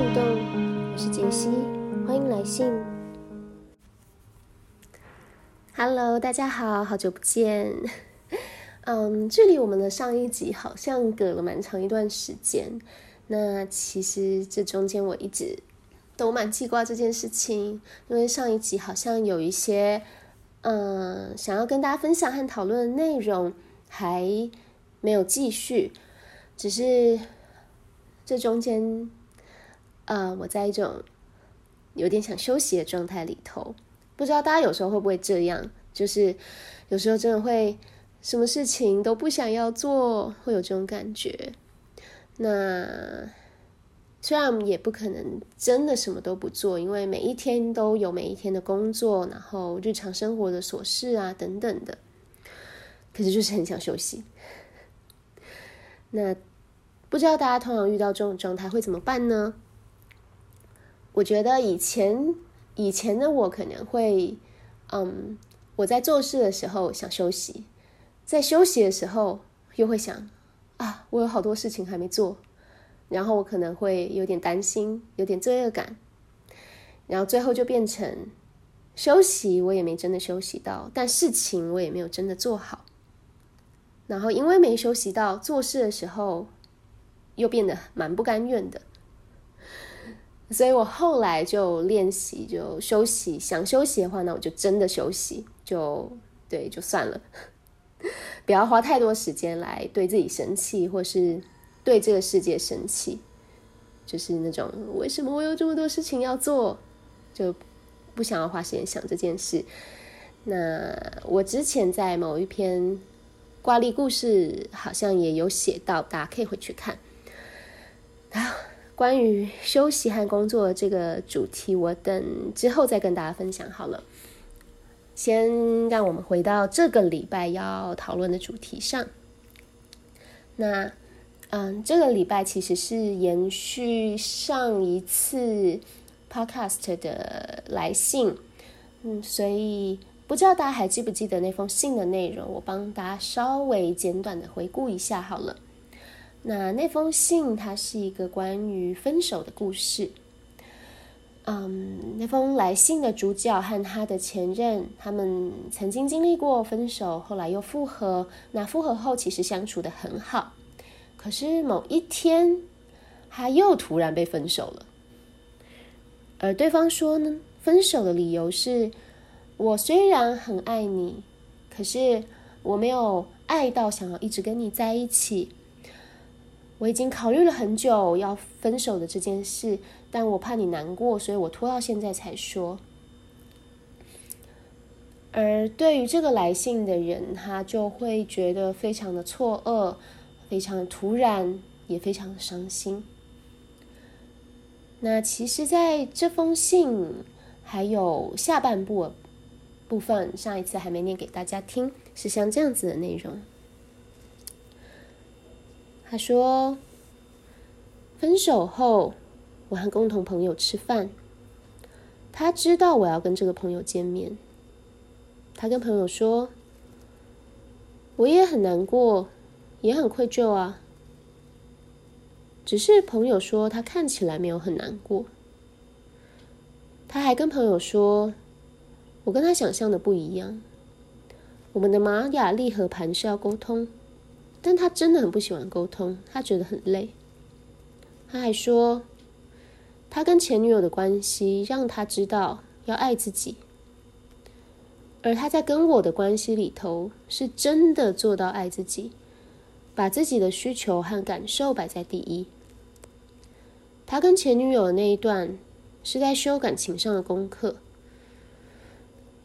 樹洞，我是潔西，歡迎來信。Hello，大家好，好久不見。嗯、um，距離我們的上一集好像隔了蠻長一段時間。那其實這中間我一直都蠻記掛這件事情，因為上一集好像有一些嗯想要跟大家分享和討論的內容還沒有繼續，只是這中間。啊、呃，我在一種有點想休息的狀態裡頭，不知道大家有時候會不會這樣？就是有時候真的會什麼事情都不想要做，會有這種感覺。那雖然我們也不可能真的什麼都不做，因為每一天都有每一天的工作，然後日常生活的瑣事啊等等的，可是就是很想休息。那不知道大家通常遇到這種狀態會怎麼辦呢？我覺得以前以前的我可能會，嗯，我在做事的時候想休息，在休息的時候又會想，啊，我有好多事情還沒做，然後我可能會有點擔心，有點罪惡感，然後最後就變成休息，我也沒真的休息到，但事情我也沒有真的做好，然後因為沒休息到，做事的時候又變得蠻不甘願的。所以我後來就練習，就休息。想休息的話，那我就真的休息。就對，就算了， 不要花太多時間來對自己生氣，或是對這個世界生氣。就是那種為什麼我有這麼多事情要做，就不想要花時間想這件事。那我之前在某一篇掛歷故事好像也有寫到，大家可以回去看。啊。 關於休息和工作這個主題，我等之後再跟大家分享好了。先讓我們回到這個禮拜要討論的主題上。那，嗯，這個禮拜其實是延續上一次 Podcast 的來信，嗯，所以不知道大家還記不記得那封信的內容，我幫大家稍微簡短的回顧一下好了。那那封信，它是一個關於分手的故事。嗯，um，那封來信的主角和他的前任，他們曾經經歷過分手，後來又復合。那復合後，其實相處得很好。可是某一天，他又突然被分手了。而對方說呢，分手的理由是：我雖然很愛你，可是我沒有愛到想要一直跟你在一起。我已經考慮了很久要分手的這件事，但我怕你難過，所以我拖到現在才說。而對於這個來信的人，他就會覺得非常的錯愕，非常突然，也非常的傷心。那其實，在這封信還有下半部部分，上一次還沒唸給大家聽，是像這樣子的內容。他說，分手後，我和共同朋友吃飯。他知道我要跟這個朋友見面，他跟朋友說，我也很難過，也很愧疚啊。只是朋友說他看起來沒有很難過。他還跟朋友說，我跟他想象的不一樣。我們的瑪雅麗和盤是要溝通。但他真的很不喜歡溝通，他覺得很累。他還說，他跟前女友的關係讓他知道要愛自己，而他在跟我的關係裡頭是真的做到愛自己，把自己的需求和感受擺在第一。他跟前女友的那一段是在修感情上的功課，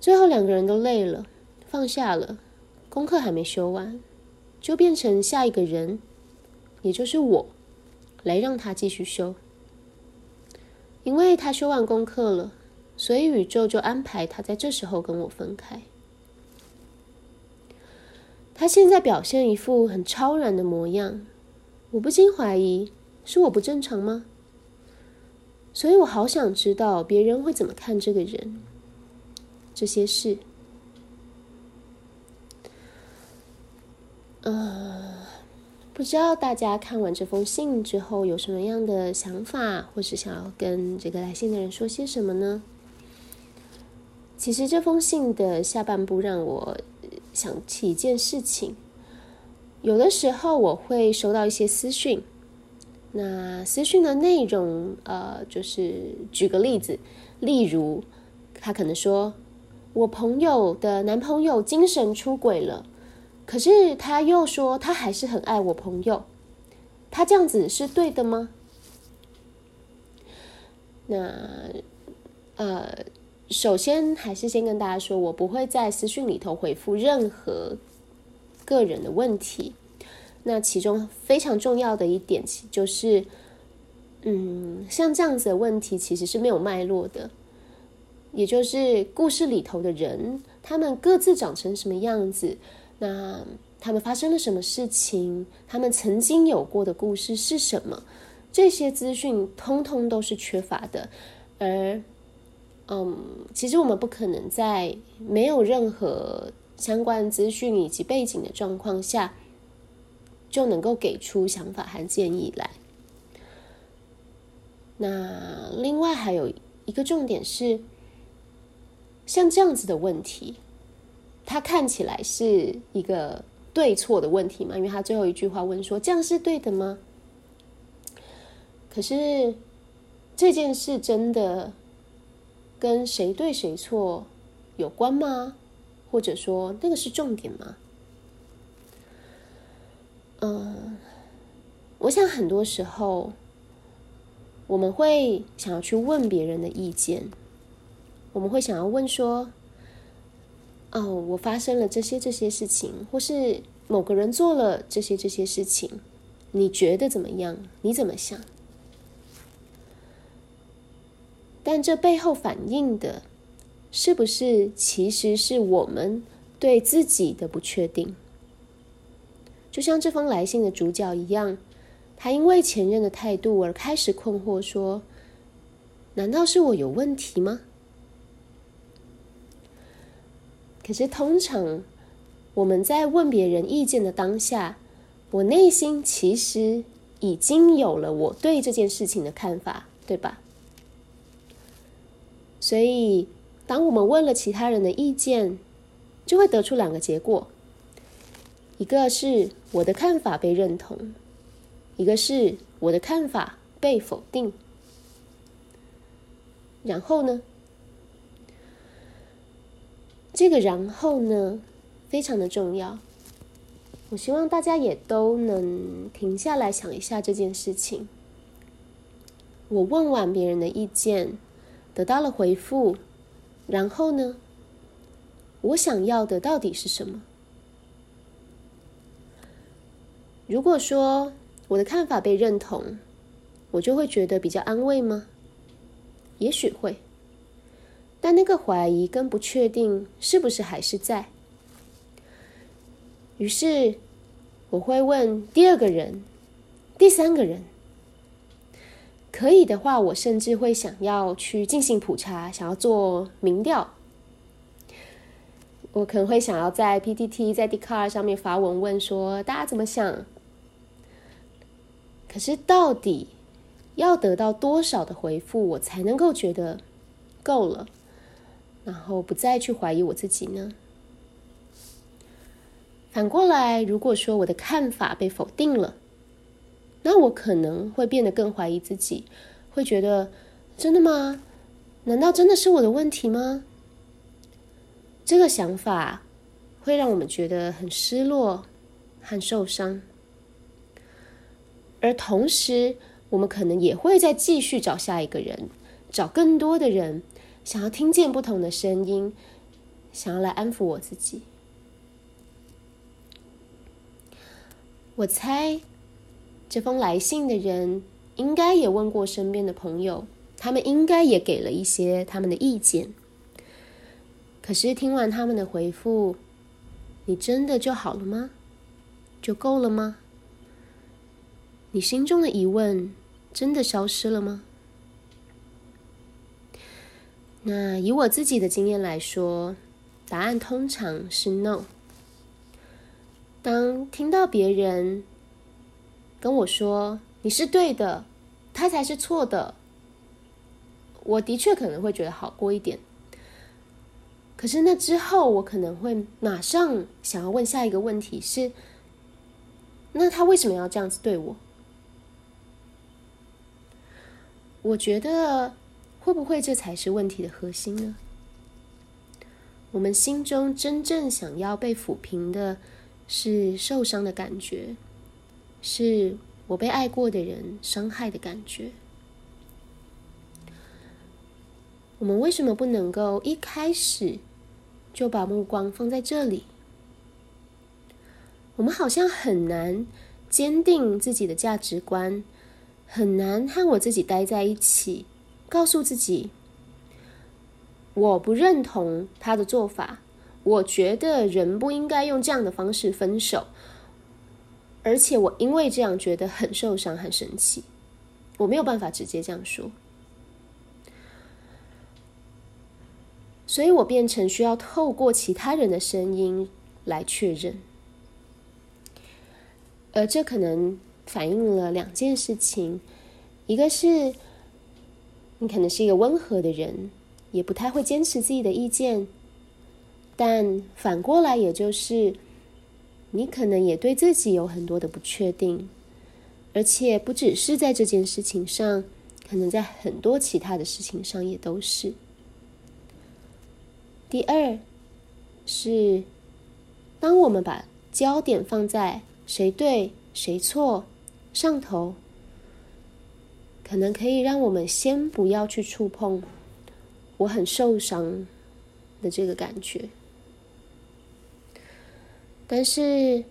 最後兩個人都累了，放下了，功課還沒修完。就變成下一個人，也就是我，來讓他繼續修。因為他修完功課了，所以宇宙就安排他在這時候跟我分開。他現在表現一副很超然的模樣，我不禁懷疑是我不正常嗎？所以我好想知道別人會怎麼看這個人，這些事。嗯，uh, 不知道大家看完這封信之後有什麼樣的想法，或是想要跟這個來信的人說些什麼呢？其實這封信的下半部讓我想起一件事情。有的時候我會收到一些私訊，那私訊的內容，呃，就是舉個例子，例如他可能說：“我朋友的男朋友精神出軌了。”可是他又說，他還是很愛我朋友。他這樣子是對的嗎？那呃，首先還是先跟大家說，我不會在私訊裡頭回復任何個人的問題。那其中非常重要的一點，就是嗯，像這樣子的問題其實是沒有脈絡的，也就是故事裡頭的人，他們各自長成什麼樣子？那他們發生了什麼事情？他們曾經有過的故事是什麼？這些資訊通通都是缺乏的。而，嗯，其實我們不可能在沒有任何相關資訊以及背景的狀況下，就能夠給出想法和建議來。那另外還有一個重點是，像這樣子的問題。他看起來是一個對錯的問題嘛，因為他最後一句話問說：“這樣是對的嗎？”可是這件事真的跟誰對誰錯有關嗎？或者說那個是重點嗎？嗯、呃，我想很多時候我們會想要去問別人的意見，我們會想要問說。哦，oh，我發生了這些這些事情，或是某個人做了這些這些事情，你覺得怎麼樣？你怎麼想？但這背後反映的，是不是其實是我們對自己的不確定？就像這封來信的主角一樣，他因為前任的態度而開始困惑，說：“難道是我有問題嗎？”可是，通常我們在問別人意見的當下，我內心其實已經有了我對這件事情的看法，對吧？所以，當我們問了其他人的意見，就會得出兩個結果。一個是我的看法被認同，一個是我的看法被否定。然後呢？這個然後呢，非常的重要。我希望大家也都能停下來想一下這件事情。我問完別人的意見，得到了回復，然後呢，我想要的到底是什麼？如果說我的看法被認同，我就會覺得比較安慰嗎？也許會。但那個懷疑跟不確定是不是還是在？於是我會問第二個人、第三個人。可以的話，我甚至會想要去進行普查，想要做民調。我可能會想要在 PTT、在 Dcard 上面發文問說大家怎麼想。可是到底要得到多少的回復，我才能夠覺得夠了？然後不再去懷疑我自己呢？反過來，如果說我的看法被否定了，那我可能會變得更懷疑自己，會覺得真的嗎？難道真的是我的問題嗎？這個想法會讓我們覺得很失落和受傷。而同時，我們可能也會再繼續找下一個人，找更多的人。想要聽見不同的聲音，想要來安撫我自己。我猜這封來信的人應該也問過身邊的朋友，他們應該也給了一些他們的意見。可是聽完他們的回覆，你真的就好了嗎？就夠了嗎？你心中的疑問真的消失了嗎？那以我自己的經驗來說，答案通常是 “no”。當聽到別人跟我說“你是對的，他才是錯的”，我的確可能會覺得好過一點。可是那之後，我可能會馬上想要問下一個問題是：那他為什麼要這樣子對我？我覺得。會不會這才是問題的核心呢？我們心中真正想要被撫平的，是受傷的感覺，是我被愛過的人傷害的感覺。我們為什麼不能夠一開始就把目光放在這裡？我們好像很難堅定自己的價值觀，很難和我自己待在一起。告訴自己，我不認同他的做法。我覺得人不應該用這樣的方式分手，而且我因為這樣覺得很受傷、很生氣。我沒有辦法直接這樣說，所以我變成需要透過其他人的聲音來確認。而這可能反映了兩件事情，一個是。你可能是一個溫和的人，也不太會堅持自己的意見，但反過來也就是，你可能也對自己有很多的不確定，而且不只是在這件事情上，可能在很多其他的事情上也都是。第二是，當我們把焦點放在誰對誰錯上頭。可能可以讓我們先不要去觸碰我很受傷的這個感覺。但是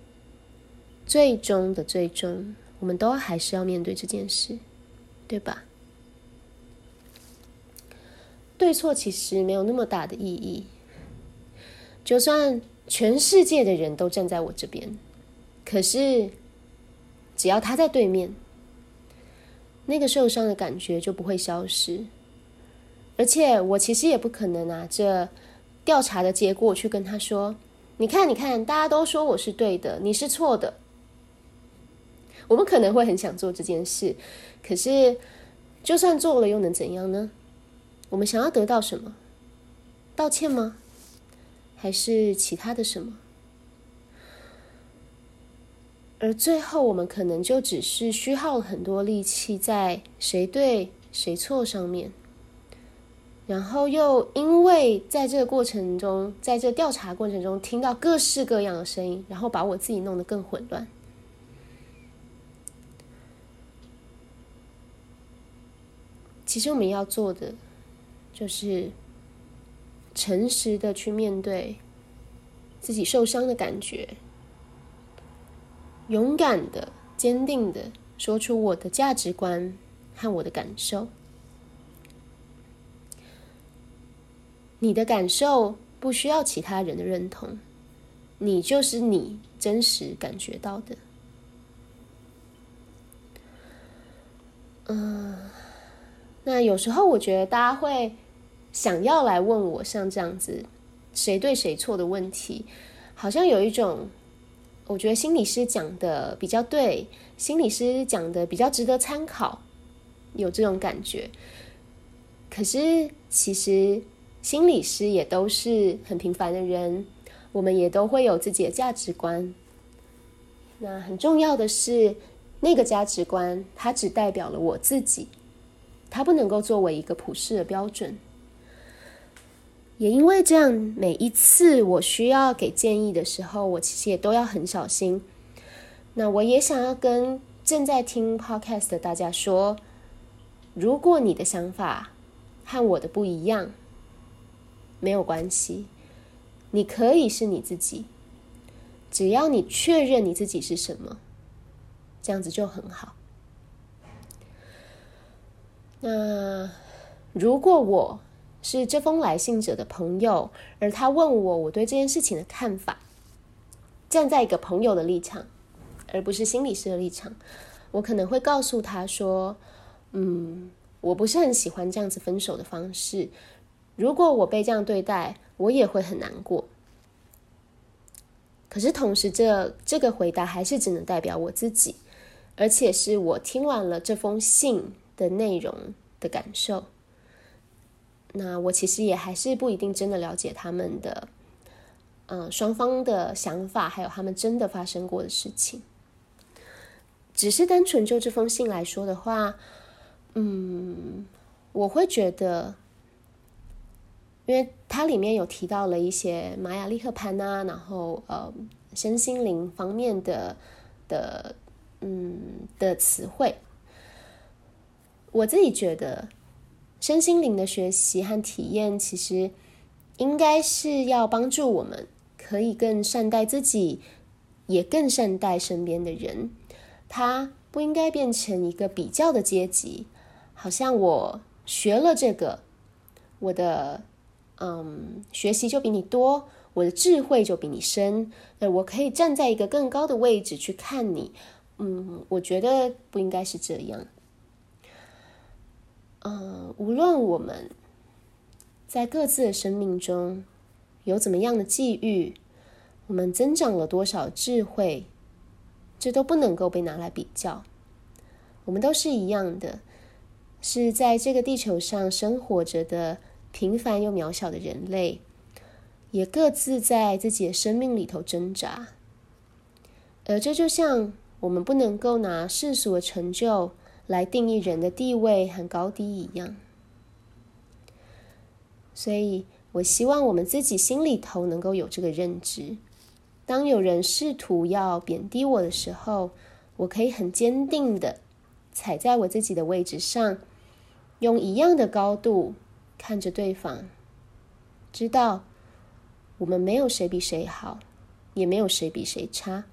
最終的最終，我們都還是要面對這件事，對吧？對錯其實沒有那麼大的意義。就算全世界的人都站在我這邊，可是只要他在對面。那個受傷的感覺就不會消失，而且我其實也不可能拿着調查的結果去跟他說，你看，你看，大家都說我是對的，你是錯的。我們可能會很想做這件事，可是就算做了又能怎樣呢？我們想要得到什麼？道歉嗎？還是其他的什麼？而最後，我們可能就只是虛耗了很多力氣在誰對誰錯上面，然後又因為在這個過程中，在這調查過程中聽到各式各樣的聲音，然後把我自己弄得更混亂。其實我們要做的就是誠實的去面對自己受傷的感覺。勇敢的、堅定的說出我的價值觀和我的感受。你的感受不需要其他人的認同，你就是你，真實感覺到的。嗯，那有時候我覺得大家會想要來問我像這樣子，誰對誰錯的問題，好像有一種。我覺得心理師講的比較對，心理師講的比較值得參考，有這種感覺。可是，其實心理師也都是很平凡的人，我們也都會有自己的價值觀。那很重要的是，那個價值觀它只代表了我自己，它不能夠作為一個普世的標準。也因為這樣，每一次我需要給建議的時候，我其實也都要很小心。那我也想要跟正在聽 podcast 的大家說，如果你的想法和我的不一樣，沒有關係，你可以是你自己，只要你確認你自己是什麼，這樣子就很好。那如果我。是這封來信者的朋友，而他問我我對這件事情的看法，站在一個朋友的立場，而不是心理師的立場，我可能會告訴他說：“嗯，我不是很喜歡這樣子分手的方式，如果我被這樣對待，我也會很難過。”可是同時這，這這個回答還是只能代表我自己，而且是我聽完了這封信的內容的感受。那我其實也還是不一定真的了解他們的，嗯、呃，雙方的想法，還有他們真的發生過的事情。只是單純就這封信來說的話，嗯，我會覺得，因為它裡面有提到了一些瑪雅曆和盤啊，然後呃，身心靈方面的的嗯的詞彙，我自己覺得。身心靈的學習和體驗，其實應該是要幫助我們可以更善待自己，也更善待身邊的人。它不應該變成一個比較的階級，好像我學了這個，我的嗯學習就比你多，我的智慧就比你深，那我可以站在一個更高的位置去看你。嗯，我覺得不應該是這樣。嗯，無論我們在各自的生命中有怎麼樣的際遇，我們增長了多少智慧，這都不能夠被拿來比較。我們都是一樣的，是在這個地球上生活着的平凡又渺小的人類，也各自在自己的生命裡頭掙扎。而這就像我們不能夠拿世俗的成就。來定義人的地位和高低一樣，所以我希望我們自己心裡頭能夠有這個認知。當有人試圖要貶低我的時候，我可以很堅定的踩在我自己的位置上，用一樣的高度看着對方，知道我們沒有誰比誰好，也沒有誰比誰差。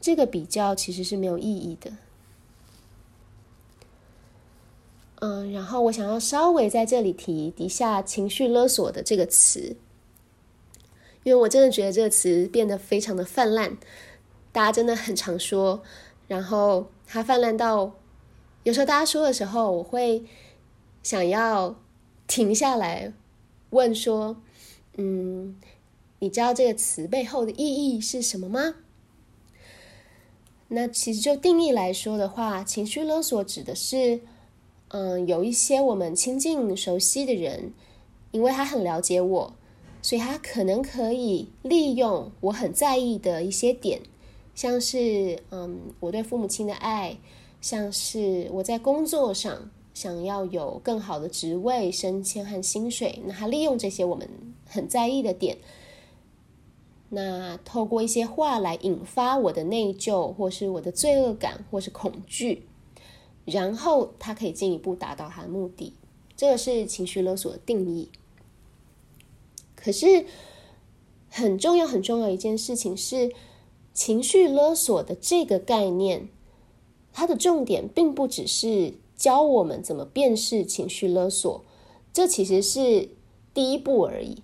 這個比較其實是沒有意義的。嗯，然後我想要稍微在這裡提一下“情緒勒索”的這個詞，因為我真的覺得這個詞變得非常的泛濫，大家真的很常說。然後它泛濫到有時候大家說的時候，我會想要停下來問說：“嗯，你知道這個詞背後的意義是什麼嗎？”那其實就定義來說的話，情緒勒索指的是。嗯，有一些我們親近、熟悉的人，因為他很了解我，所以他可能可以利用我很在意的一些點，像是嗯，我對父母親的愛，像是我在工作上想要有更好的職位、升遷和薪水。那他利用這些我們很在意的點，那透過一些話來引發我的內疚，或是我的罪惡感，或是恐懼。然後他可以進一步達到他的目的，這個是情緒勒索的定義。可是，很重要很重要一件事情是，情緒勒索的這個概念，它的重點並不只是教我們怎麼辨識情緒勒索，這其實是第一步而已。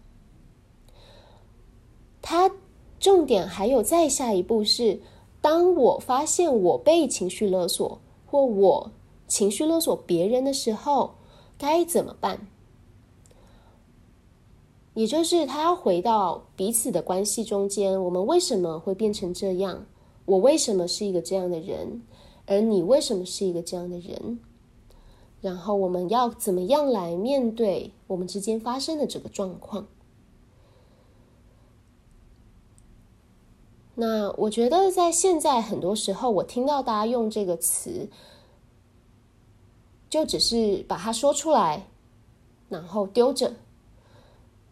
它重點還有再下一步是，當我發現我被情緒勒索，或我情緒勒索別人的時候該怎麼辦？也就是他要回到彼此的關係中間，我們為什麼會變成這樣？我為什麼是一個這樣的人？而你為什麼是一個這樣的人？然後我們要怎麼樣來面對我們之間發生的這個狀況？那我覺得，在現在很多時候，我聽到大家用這個詞，就只是把它說出來，然後丟着。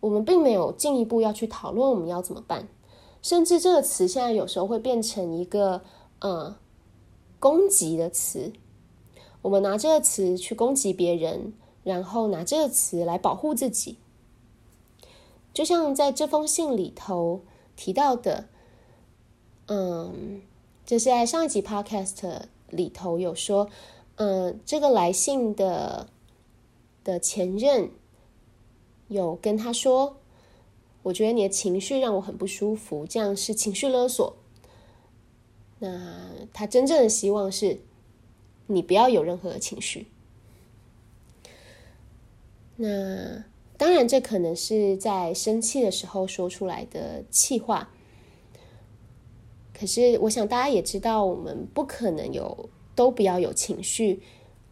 我們並沒有進一步要去討論我們要怎麼辦，甚至這個詞現在有時候會變成一個呃攻擊的詞。我們拿這個詞去攻擊別人，然後拿這個詞來保護自己。就像在這封信裡頭提到的。嗯，就是在上一集 podcast 裡頭有說，嗯，這個來信的的前任有跟他說，我覺得你的情緒讓我很不舒服，這樣是情緒勒索。那他真正的希望是你不要有任何的情緒。那當然，這可能是在生氣的時候說出來的氣話。可是，我想大家也知道，我們不可能有都不要有情緒，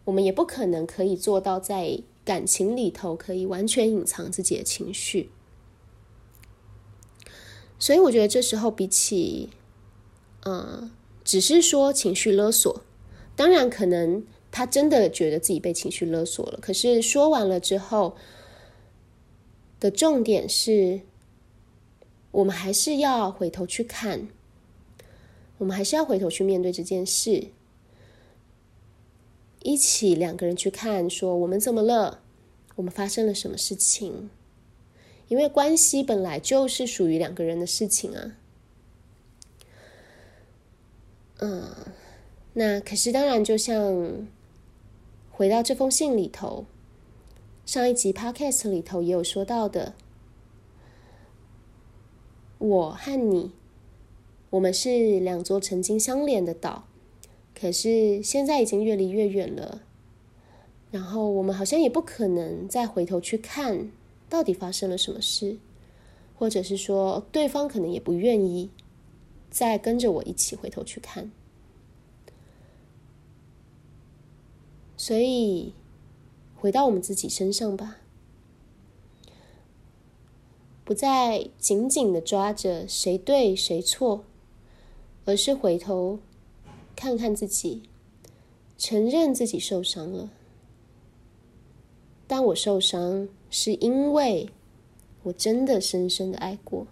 我們也不可能可以做到在感情裡頭可以完全隱藏自己的情緒。所以，我覺得這時候比起，嗯、呃，只是說情緒勒索，當然可能他真的覺得自己被情緒勒索了。可是說完了之後的重點是，我們還是要回頭去看。我們還是要回頭去面對這件事，一起兩個人去看，說我們怎麼了，我們發生了什麼事情？因為關係本來就是屬於兩個人的事情啊。嗯，那可是當然，就像回到這封信裡頭，上一集 Podcast 裡頭也有說到的，我和你。我們是兩座曾經相連的島，可是現在已經越離越遠了。然後我們好像也不可能再回頭去看，到底發生了什麼事，或者是說對方可能也不願意再跟着我一起回頭去看。所以回到我們自己身上吧，不再緊緊的抓着誰對誰錯。而是回頭看看自己，承認自己受傷了。但我受傷，是因為我真的深深的愛過。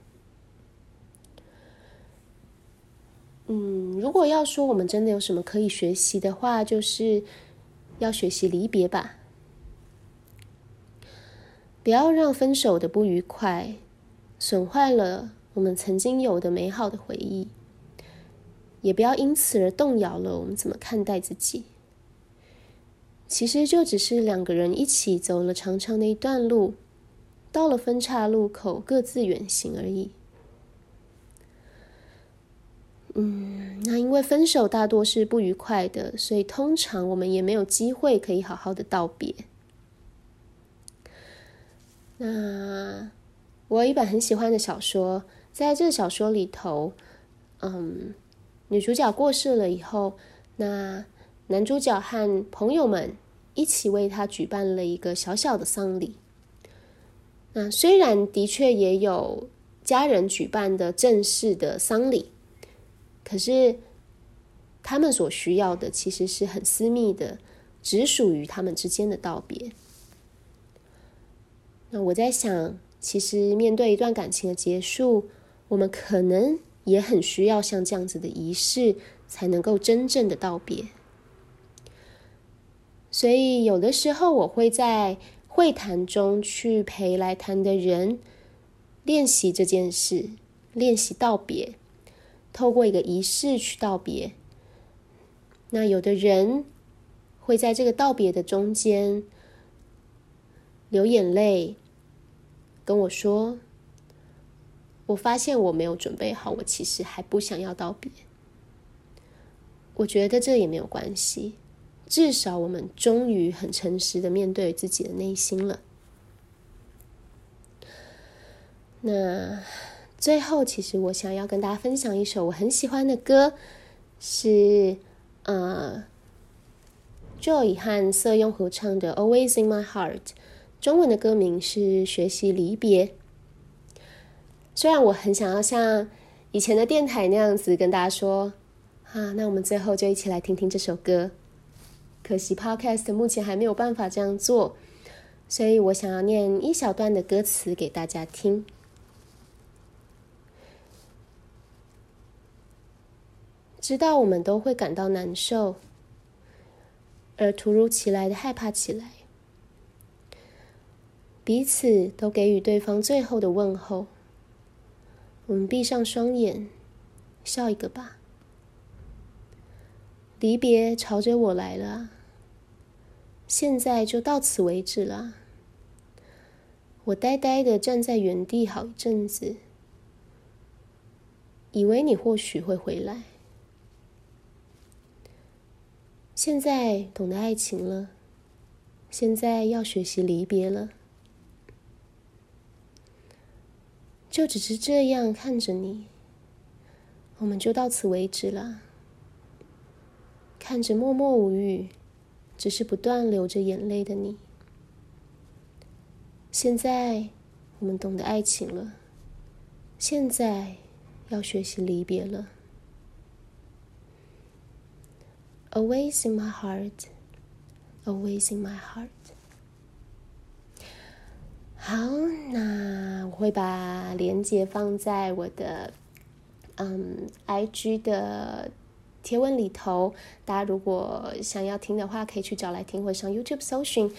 嗯，如果要說我們真的有什麼可以學習的話，就是要學習離別吧。不要讓分手的不愉快損壞了我們曾經有的美好的回憶。也不要因此而動搖了。我們怎麼看待自己？其實就只是兩個人一起走了長長的一段路，到了分岔路口，各自遠行而已。嗯，那因為分手大多是不愉快的，所以通常我們也沒有機會可以好好的道別。那我有一本很喜歡的小說，在這個小說裡頭，嗯。女主角過世了以後，那男主角和朋友們一起為她舉辦了一個小小的喪禮。那雖然的確也有家人舉辦的正式的喪禮，可是他們所需要的其實是很私密的，只屬於他們之間的道別。那我在想，其實面對一段感情的結束，我們可能。也很需要像這樣子的儀式，才能夠真正的道別。所以有的時候我會在會談中去陪來談的人練習這件事，練習道別，透過一個儀式去道別。那有的人會在這個道別的中間流眼淚跟我說。我發現我沒有準備好，我其實還不想要道別。我覺得這也沒有關係，至少我們終於很誠實地面對自己的內心了。那最後，其實我想要跟大家分享一首我很喜歡的歌，是啊，呃，Joey 和色用合唱的《Always in My Heart》，中文的歌名是《學習離別》。雖然我很想要像以前的電台那樣子跟大家說，啊，那我們最後就一起來聽聽這首歌。可惜 Podcast 目前還沒有辦法這樣做，所以我想要念一小段的歌詞給大家聽。知道我們都會感到難受，而突如其來的害怕起來，彼此都給予對方最後的問候。我們閉上雙眼，笑一個吧。離別朝着我來了，現在就到此為止了。我呆呆的站在原地好一陣子，以為你或許會回來。現在懂得愛情了，現在要學習離別了。就只是這樣看着你，我們就到此為止了。看着默默無語，只是不斷流着眼淚的你。現在我們懂得愛情了，現在要學習離別了。Always in my heart, always in my heart. 好，那我會把鏈接放在我的嗯 IG 的貼文裡頭。大家如果想要聽的話，可以去找來聽，或上 YouTube 搜尋。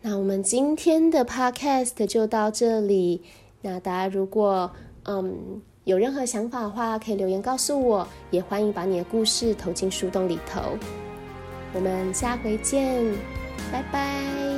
那我們今天的 Podcast 就到這裡。那大家如果嗯有任何想法的話，可以留言告訴我，也歡迎把你的故事投進樹洞裡頭。我們下回見，拜拜。